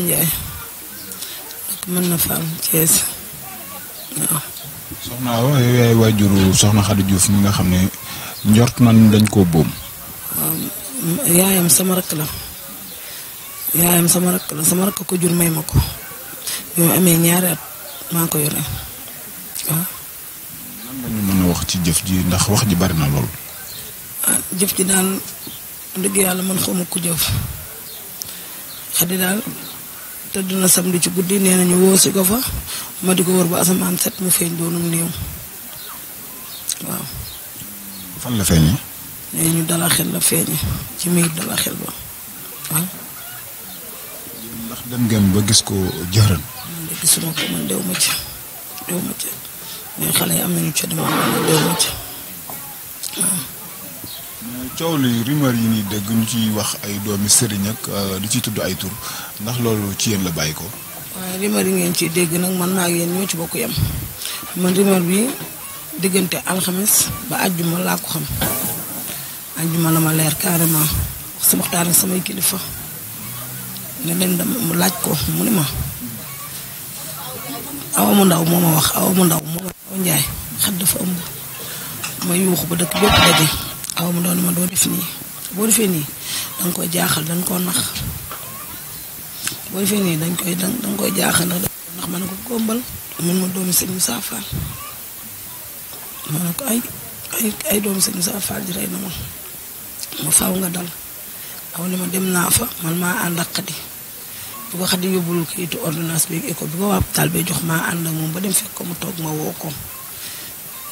Ndiaye mën na faam Thiès waaw. soxna Awa yow yaay waajuru soxna Khady Diouf mi nga xam ne njort nan dañ koo bóom yaayam sama rakk la yaayam sama rakk la sama rakk ko jur may ma ko bi ma amee ñaari at maa ko yore waaw. lan nga ñu mën a wax ci jëf ji ndax wax ji bari na lool. Ah, jëf ji daal dëgg yàlla man xawma ku jëf Khady daal. tëdd na samedi ci guddi nee nañu woo si ko fa ma ko wër ba asamaan set mu feeñ doonum néew waaw. fan la feeñee. nee ñu dala xel la feeñee ci miir dala xel ba waaw. ndax dem ngeen ba gis ko jërën. man de gisuma ko man dew ma ci dew ma ci mais xale yi am nañu ca dama am dew ma waaw. coow li rumeur yi ni dégg ñu ciy wax ay doomi sëriñ ak euh, di ci tudd ay tur ndax loolu ci yéen la bàyyi ko. waaw rumeur yi ngeen ciy dégg nag man naa ngi yéen ñoo ci bokk yem man rumeur bi diggante alxames ba àjjuma laa ko xam àjjuma la ma leer carrément su waxtaan samay kilifa ne leen dama mu laaj ko mu ni ma awa ndaw moo ma wax awa ndaw moo ma njaay xat dafa ëmb ma yuuxu ba dëkk bépp daje aw mu doon ma doo def nii boo defee nii danga koy jaaxal danga koo nax boo defee nii dañ koy danga koy jaaxal ndax ndax ma ne ko góombal man ma doomi sëñ Moussa Fall ma ne ko ay ay doomi sëñ Moussa Fall ji na ma nga dal aw li ma dem naa fa man maa ànd ak xadi bu ko xadi yóbbul kayitu ordonnance bi bi ko waa hôpital bi jox maa ànd ak moom ba dem fekk ko mu toog ma woo ko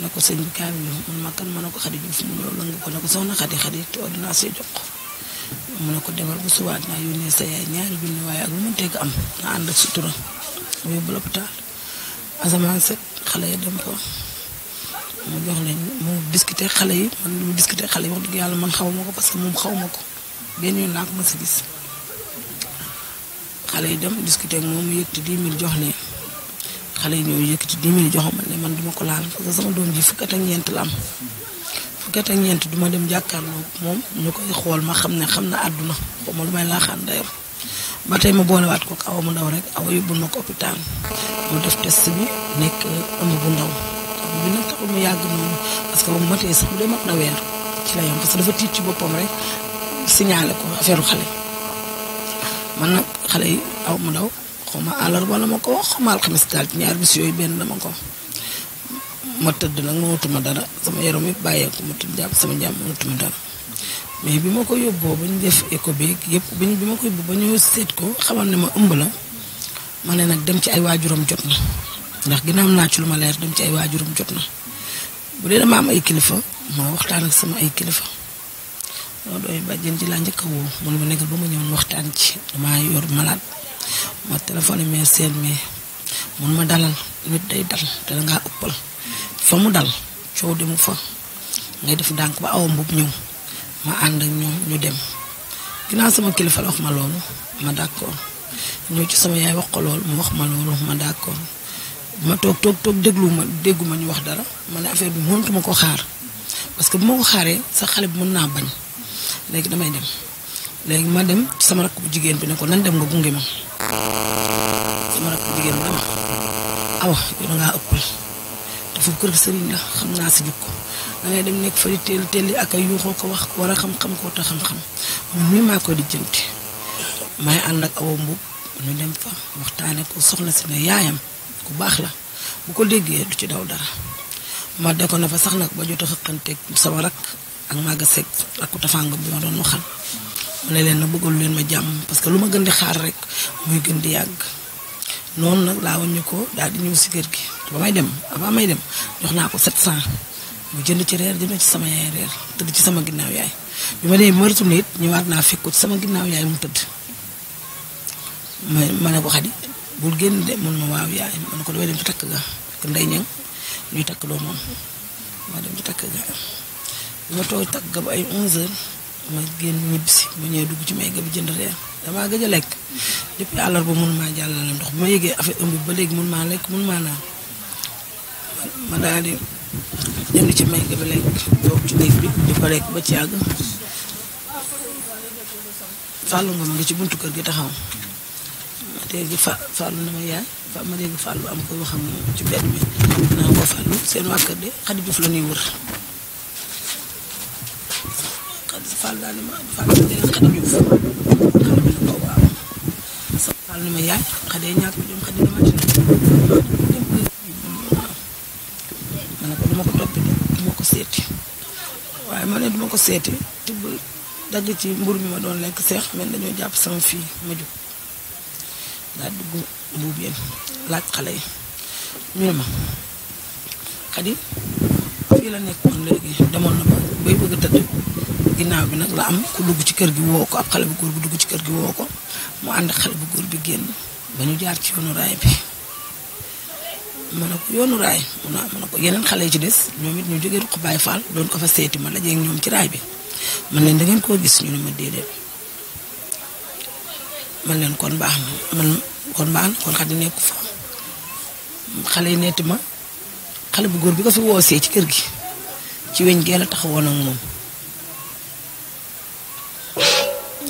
na ko sëñ bi kaamil bi mun ma kan ma ne ko xadi Juuf mu lëng ko ne ko soxna xadi xadi te ordonnance jox ko mu ne ko demal bu subaat naa yónnee sa yaay ñaari junni waaye ak lu te teg am na ànd ak sutura mu yóbbu l'hôpital asamaan set xale yi dem fa mu jox leen mu discuter xale yi man mu discuter xale wax dëgg yàlla man xaw ma ko parce moom xaw ma ko benn yoon naa ko ma si gis xale yi dem discuter moom mu yëkkati 10 000 jox leen. xale yi ñoo yëkkati dix mille jox ma ne man duma ko laal parce que sama doom ji fukki at ak ñeent la am fukki at ak duma dem jàkkaarloo moom ñu koy xool ma xam ne xam na àdduna ba ma lu may ma boolewaat ko awa mu ndaw rek awa ma ko hôpital def test bi nekk ëmb bu ndaw bi nag mu yàgg noonu parce que ba mu matee sax bu dee mat na weer ci la yam parce dafa tiit ci boppam rek signalé ko affaire xale man nag xale yi aw mu ndaw xaw ma àllarba la ma ko wax xaw ma alxames daal yooyu benn dama ko ma tëdd nag mënatuma dara sama yaram yëpp ma tëdd sama jàmm mënatuma dara mais bi ma ko yóbboo ba ñu def écho beeg bi ma ko yóbboo ba seet ko xamal ne ma ëmb la ma ne nag dem ci ay waajuram jot na ndax ginnaaw naa ci lu ma leer dem ci ay waajuram jot na bu dee dama am ay kilifa ma waxtaan ak sama ay kilifa loolu dooy bàjjen ci laa njëkk a woo mu ne ma nekkal ba ma ñëwoon waxtaan ci damaa yor malade. ma téléphone mais seen mais mun ma dalal nit day dal te da ngaa ëppal fa mu dal coow demu fa ngay def ndànk ba awa mbub ñëw ma ànd ak ñoom ñu dem ginnaaw sama kilifa la wax ma loolu ma d'accord ñëw ci sama yaay wax ko loolu wax ma loolu ma d'accord ma toog toog toog déglu ma déggu ma ñu wax dara ma ne affaire bi mënatu ma ko xaar parce que bu ma ko xaaree sa xale bi mën naa bañ léegi damay dem léegi ma dem sama rakk bu jigéen bi ne ko nan dem nga gunge ma. sama rakk jigéen dama awa yow dangaa ëppal dafa kër sëriñ la xam naa si jikko da dem nekk fa di teel teel ak ay yuuxoo ko wax war a xam-xam koo te xam-xam man mii maa ko di may ànd ak awa mbub ñu dem fa waxtaane ko soxna si ne yaayam ku baax la bu ko déggee du ci daw dara ma de ko na fa sax nag ba jot a xëqanteeg sama rakk ak maaga seeg ak ku tafanga bi ma doon waxal mu ne leen na bëggal leen ma jàmm parce que lu ma gën di xaar rek muy gën di yàgg noonu nag laa waññu ko daal di ñëw si kër gi ba may dem avant may dem jox naa ko 700 mu jënd ci reer jënd ci sama yaay tëdd ci sama ginnaaw yaay bi ma demee bi ma retourné ñëwaat naa fekk ko ci sama ginnaaw yaay mu tëdd ma ma ne ko xadi bul génn de mun ma waaw yaay ma ne ko damay dem ci takk ga kon day ñëw ñuy takk loo moom ma dem ci takk ga bi ma toog takk ga ba ay 11 heures. ma génn ñibbisi ma ñëwee dugg ci may ga bi jënd reer damaa gëj a lekk depuis àllarba mun maa jàllale ndox bi ma yëgee affaire ëmb ba léegi mun maa lekk mun maa naan ma daal di jënd ci bi lekk ba ci yàgg fàllu ngi ci buntu kër gi taxaw ma dégg fa fàllu na ma yaay fa ma dégg fàllu am koy waxam ci mbedd mi naa ko fàllu seen waa de Xadi Juuf la ñuy wër Fall daal di ma Fall daal xadam ni ma yaay xadee ñaar bi ma ko duma ko ko seeti waaye ma ne duma ko seeti tibb dagg ci mburu mi ma doon lekk seex mel dañoo jàpp sama fii ma jóg daal dugg mbuubeen laaj xale yi ñu ne ma xadi fii la nekkoon léegi demoon na ba bay bëgg tëdd ginnaaw bi nag la am ku dugg ci kër gi woo ko ab xale góor bu dugg ci kër gi woo ko mu ànd xale bu góor bi génn ba ñu jaar ci yoonu raay bi ma ne ko yoonu raay mu ne ma ne ko yeneen xale yi ci des ñoom it ñu jógee ruq Baay Faal doon ko fa seeti ma dajeeg ñoom ci raay bi man leen da ngeen koo gis ñu ne ma déedéet man leen kon baax na man kon baax na kon xadi nekku fa xale yi neeti ma xale bu góor bi ko fi woosee ci kër gi ci weñ gee la taxawoon ak moom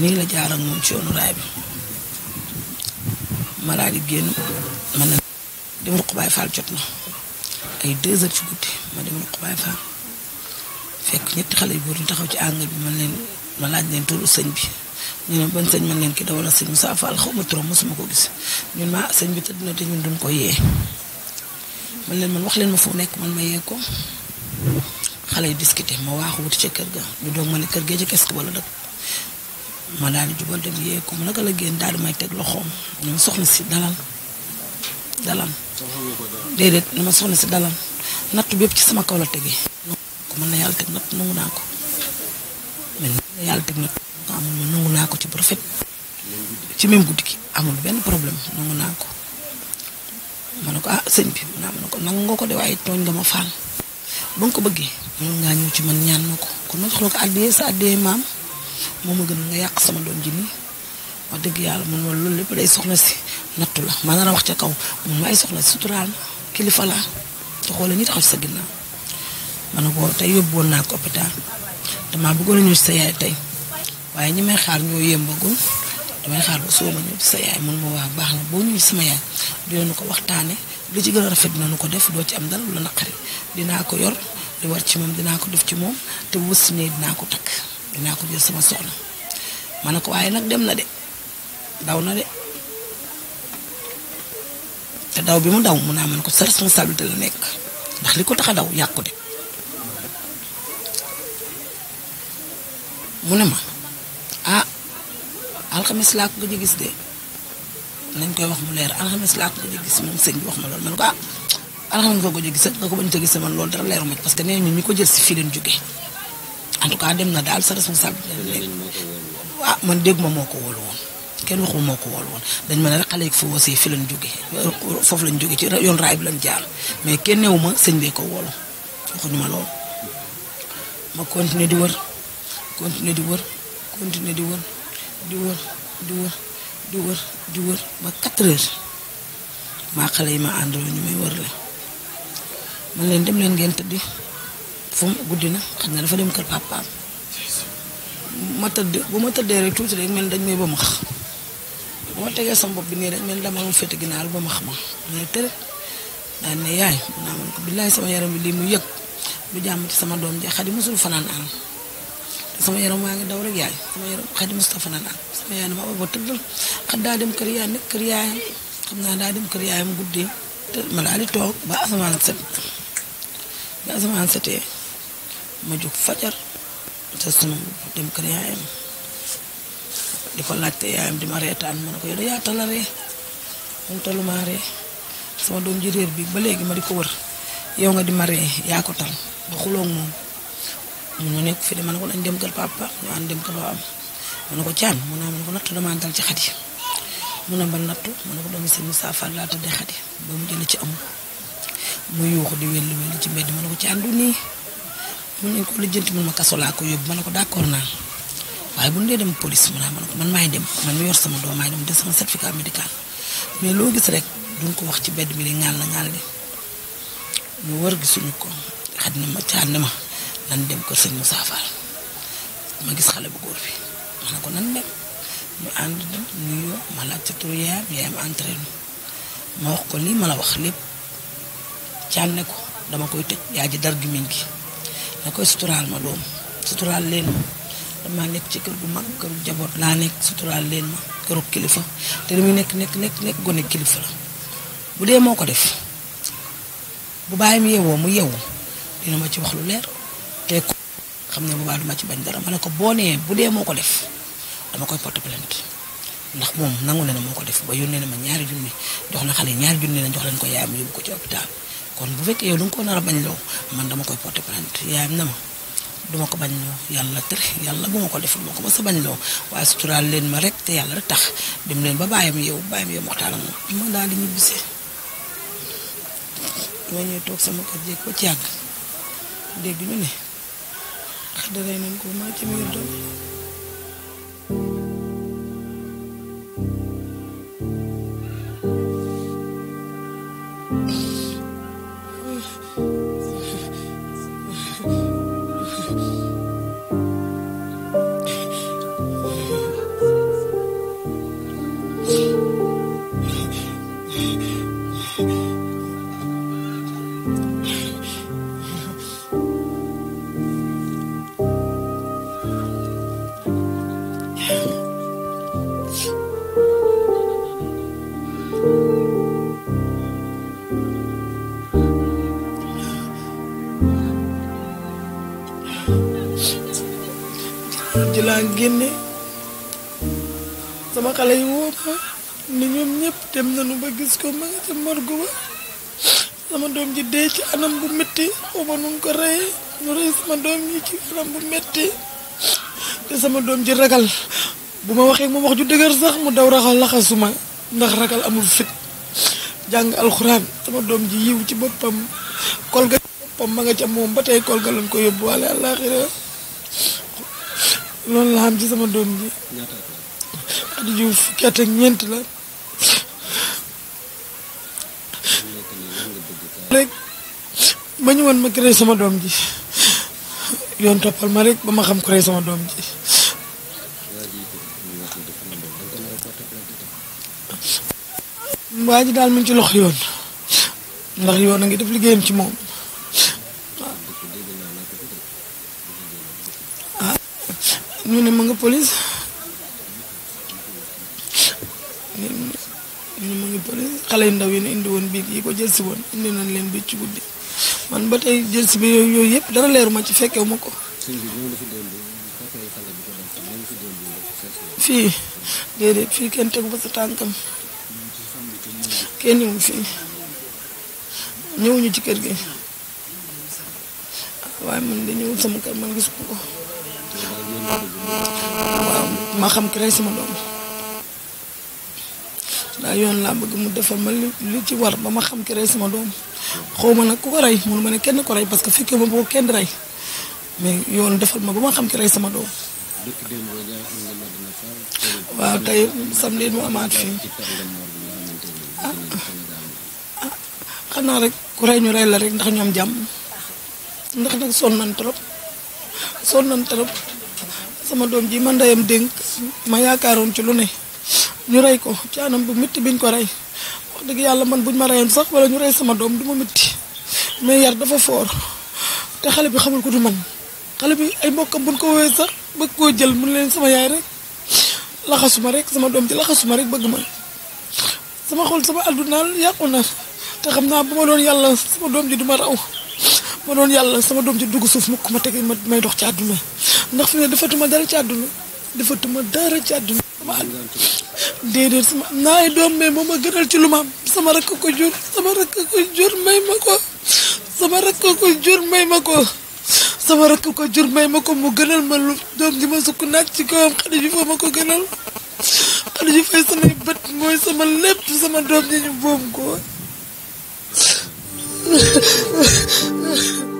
nii la jaar ak moom ci yoonu raay bi ma daal di génn man na dem ruq baay faal jot na ay deux heures ci guddi ma dem ruq baay faal fekk ñetti xale yu góor ñu taxaw ci àngal bi leen ma laaj leen turu sëñ bi ñu ne ban sëñ man leen ki dawal sëñ Moussa Fall xaw ma turam mosuma ko gis ñun ma sëñ bi tëdd na te ñun duñ ko yee man leen man wax leen ma fu nekk man ma yee ko xale yu discuter ma waaxu wuti ca kër ga ñu doog ma ne kër gee ca kees wala dëkk ma daal di jubal dem yee ko mu naka la génn daal may teg loxoom ñoom soxna si dalal dalal. déedéet dama soxna si dalal natt bépp ci sama kaw la tegee. ko mën na yàlla teg natt nangu naa ko na yàlla teg natt amul ma ko ci bu rafet amul benn problème nangu naa ko ne ko ah sëñ bi ma ne ko nangu nga ko de waaye tooñ nga ma faal ba nga ko bëggee mën ngaa ñëw ci man ñaan ma ko kon ma jox ko addiyee sa addiyee maam. moom ma gën nga yàq sama doon ji nii dëgg yàlla man ma loolu lépp day soxna si nattu la ma nar a wax ca kaw man ma ay soxna si suturaal kilifa la te xoolal ñi taxaw sa ginnaaw ma ne naa ko damaa bëggoon a ñëw ci sa yaay waaye ñi may xaar ñoo yëmbagul damay xaar ba soo ma mun ma waa baax na boo ñëwee sama yaay dinañu ko waxtaane lu ci gën a rafet dinañu ko def doo ci am dal lu la naqari dinaa ko yor li war ci moom dinaa ko def ci moom te bu wës dinaa ko takk. dinaa ko jël sama soxna ma ne ko waaye nag dem na de daw na de te daw bi mu daw mun naa man ko sa responsabilité la nekk ndax li ko tax a daw yàqu de mu ne ma ah alxames laa ko gëj a gis de nañ koy wax mu leer alxames laa ko gëj a gis moom sëñ bi wax ma loolu man ko ah alxames nga ko gëj a gis nga ko bañ a gis man loolu dara leeru ma parce que nee ñu ñu ko jël si fii leen jógee. en tout cas dem na daal sa responsabilité. ah man dégg ma moo ko wóolu woon kenn waxu moo ko wol woon dañ ma ne xale yi foo aussi fi lañ jóge foofu lañ jóge ci yoon raay bi lañ jaar mais kenn néew ma sëñ bee ko wóolu waxuñu ma loolu. continuer di wër continuer di wër continuer di wër di wër di wër di wër di wër ba 4 heures maa xale yi ma àndaloo ñu may wër la man leen dem leen ngeen tëddi. foo guddi na xam na dafa dem kër papaam ma tëdd bu ma tëddee rek tuuti rek mel dañ may ba max bu ma tegee sama bopp bi nii rek mel dama am fete ginaaru ba max ma mu tëre daan ne yaay naa man ko yaram bi mu yëg lu jàmm ci sama doom ji xadi fanaan am te sama yaram waa ngi daw rek yaay sama yaram xadi daa dem kër yaay xam naa daa dem kër yaayam guddi te ma daal di toog ba asamaan set ba asamaan setee ma jóg fajar te sunu dem kër yaayam di ko laajte yaayam di ma reetaan ma ne ko yow yaa tala ree moom talu ree sama doom ji réer ba léegi ma di ko wër yow nga di ma ree yaa ko tal nga xuloo moom mu nekk fii de ma ne ko nañ dem kër papa ñu ko caan mu ne ma ne ko nattu damaa dal ci xat yi mu ne nattu ma ne ko doomi seen Moussa Fall laa tëddee xat ba mu jëlee ci amul mu yuuxu di welli ci mbedd ma ne ko caan du nii mun nañ ko lijjanti mun ma kaso laa ko yóbbu ma ne ko d'accord naa waaye bu ñu dee dem police mu naa ma ne ko man maay dem man mi yor sama doom maay dem de sama médical mais loo gis rek duñ ko wax ci bedd bi di ŋaal na ŋaal wër gisuñu ko xaj na ma caat na ma nan dem ko sëñ Moussa ma gis xale bu góor bi ma ne ko nan dem ñu ànd dem nuyoo ma laaj ca turu yaayam yaayam entraîne ma wax ko lii ma la wax lépp caat ne ko dama koy tëj yaa ji dar gi gi da koy suturaal ma doom suturaal leen ma damaa nekk ci kër gu mag këru jaboot laa nekk suturaal leen ma këru kilifa te li muy nekk nekk nekk nekk gone kilifa la bu dee moo ko def bu bàyyi mu yewoo mu yewu dina ma ci wax lu leer te ko xam ne bu baax duma ci bañ dara ma ne ko boo bu dee moo ko def dama koy porte plainte ndax moom nangu na ne moo ko def ba yónnee na ma ñaari junni jox na xale ñaari junni na jox leen ko yaayam yóbbu ko ci hôpital kon bu fekkee yow lu nga ko nar a bañ loo man dama koy porter plainte yaayam na ma duma ko bañ loo yàlla tere yàlla bu ma ko def duma ko mës a bañ loo waaye suturaal leen ma rek te yàlla rek tax dem leen ba bàyyam yow bàyyam yow waxtaan ak moom ma daal di ñibbisee ma ñëw toog sama kër jéeg ba ci yàgg dégg ñu ne ah dalay nañ ko maa ci biir doom ci laa génne sama xale yi woo ma ñoom ñëpp dem nañu ba gis ko ma nga ca morgue ba sama doom ji dee ci anam bu métti xawma nu ko reyee ñu rey sama doom ci anam bu sama doom ji ragal bu ma waxee mu wax ju dëgër sax mu daw raxal laxasuma ndax ragal amul fit jàng alxuraan sama doom ji yiw ci boppam kolga boppam ma nga ca moom ba tey kolga lañ ko yóbbuwaale àllaaxira loolu la xam ci sama doom bi Khady Diouf fukki ñeent la rek ba ñu woon ma rey sama doom ji yoon toppal ma rek ba ma xam ko rey sama doom ji waa daal mu ci loxo yoon ndax yoon a ngi def liggéeyam ci moom ñu ne ma nga police ñu xale yu ndaw yi ne indi woon biig yi ko jël si woon indi nañ leen bi ci guddi man ba tey jël si bi yooyu yooyu yëpp dara leeruma ci fekkewu ma ko fii déedéet fii kenn tegu fa sa tànkam kenn ñëwu fii ñëwuñu ci kër gi waaye man de ñëwul sama kër man gis ko waaw ma xam ki rey sama doom daa yoon laa bëgg mu defal ma li ci war ba ma xam ki rey sama doom xaw ma nag ku ko rey mun ma ne kenn ko rey parce que fekkee ma boo kenn rey mais yoon defal ma ba ma xam ki rey sama doom waaw tey samedi mu amaat fii ah, ah. xam naa rek ku rey ñu rey la rek ndax ñoom jàmm ndax nag sonn nañ trop sonn nañ trop sama doom ji ma ndeyam dénk ma yaakaaroon ci lu ne ñu rey ko ci anam bu métti biñ ko rey wax dëgg yàlla man buñ ma reyoon sax wala ñu rey sama doom du ma métti mais yar dafa foor te bi xamul ko du man xale bi ay mbokkam buñ ko woowee sax bëgg koo jël mun leen sama yaay laxasuma rek sama doom ji laxasuma rek bëgg ma sama xol sama àddunaal yàqu na te xam naa bu ma doon yàlla sama doom ji du ma raw ma doon yàlla sama doom ji dugg suuf mukk ma teg ma may dox ci àdduna ndax fi ne defatuma dara ci àdduna defatuma dara ci àdduna sama at déedéet sama am naa ay doom mais moo ma gënal ci lu ma am sama rakk ko jur sama rakk ko jur may ma ko sama rakk ko jur may ma ko mu gënal ma lu doom ji ma sukk naaj ci kawam xale ji fa ma ko gënal xale ji fay samay bët mooy sama lépp sama doom ji ñu boom ko